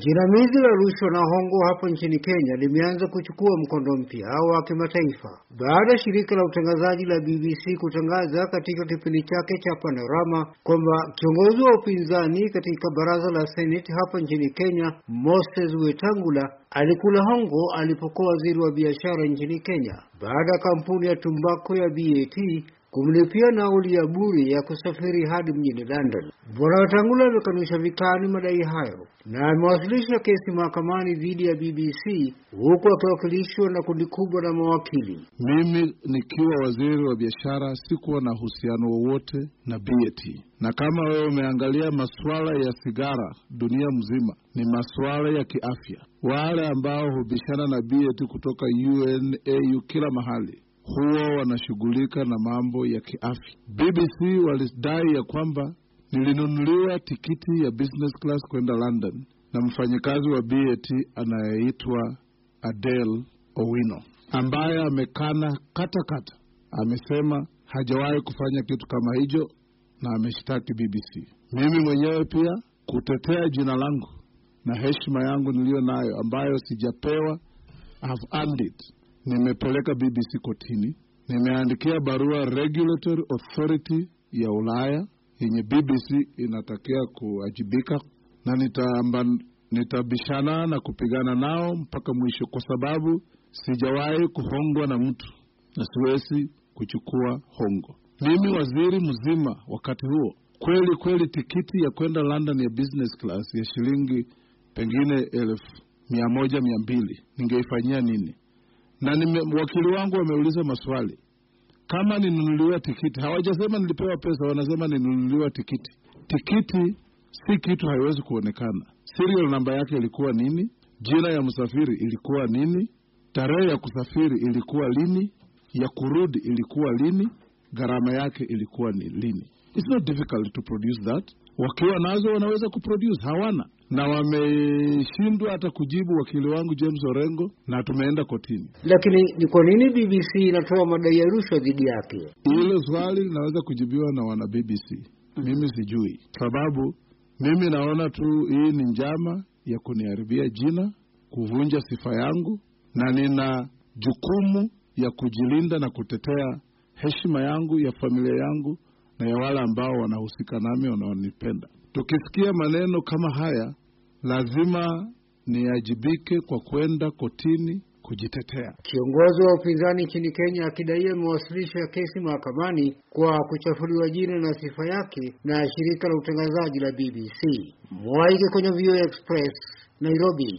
Jinamizi la rushwa na hongo hapo nchini Kenya limeanza kuchukua mkondo mpya wa kimataifa baada ya shirika la utangazaji la BBC kutangaza katika kipindi chake cha Panorama kwamba kiongozi wa upinzani katika baraza la Seneti hapa nchini Kenya, Moses Wetangula alikula hongo alipokuwa waziri wa biashara nchini Kenya baada ya kampuni ya tumbako ya BAT kumlipia nauli ya bure ya kusafiri hadi mjini London. Bwana Wetangula amekanusha vikali madai hayo na amewasilisha kesi mahakamani dhidi ya BBC huku akiwakilishwa na kundi kubwa la mawakili. Mimi nikiwa waziri wa biashara sikuwa na uhusiano wowote na BAT, na kama wewe umeangalia masuala ya sigara dunia mzima ni masuala ya kiafya. Wale ambao hubishana na BAT kutoka unau kila mahali huwa wanashughulika na mambo ya kiafya. BBC walidai ya kwamba nilinunuliwa tikiti ya business class kwenda London na mfanyikazi wa BAT anayeitwa Adele Owino ambaye amekana katakata. Amesema hajawahi kufanya kitu kama hicho na ameshtaki BBC. Mimi mwenyewe pia kutetea jina langu na heshima yangu niliyo nayo ambayo sijapewa, I've earned it nimepeleka BBC kotini, nimeandikia barua Regulatory Authority ya Ulaya yenye BBC inatakia kuajibika, na nitaamba, nitabishana na kupigana nao mpaka mwisho, kwa sababu sijawahi kuhongwa na mtu na siwezi kuchukua hongo. Mimi waziri mzima wakati huo, kweli kweli, tikiti ya kwenda London ya business class ya shilingi pengine elfu mia moja mia mbili ningeifanyia nini? na nime, wakili wangu wameuliza maswali kama ninunuliwa tikiti. Hawajasema nilipewa pesa, wanasema ninunuliwa tikiti. Tikiti si kitu, haiwezi kuonekana. Serial namba yake ilikuwa nini? Jina ya msafiri ilikuwa nini? Tarehe ya kusafiri ilikuwa lini? Ya kurudi ilikuwa lini? Gharama yake ilikuwa ni lini? It's not difficult to produce that. Wakiwa nazo wanaweza kuproduce, hawana na wameshindwa hata kujibu wakili wangu James Orengo, na tumeenda kotini. Lakini ni kwa nini BBC inatoa madai ya rushwa dhidi yake? Hilo swali linaweza kujibiwa na wana BBC. Mimi sijui sababu, mimi naona tu hii ni njama ya kuniharibia jina, kuvunja sifa yangu, na nina jukumu ya kujilinda na kutetea heshima yangu ya familia yangu na wale ambao wanahusika nami wanaonipenda. Tukisikia maneno kama haya, lazima niajibike kwa kwenda kotini kujitetea. Kiongozi wa upinzani nchini Kenya akidaiwa amewasilisha kesi mahakamani kwa kuchafuliwa jina na sifa yake na shirika la utangazaji la BBC. Mwaike kwenye VOA Express Nairobi.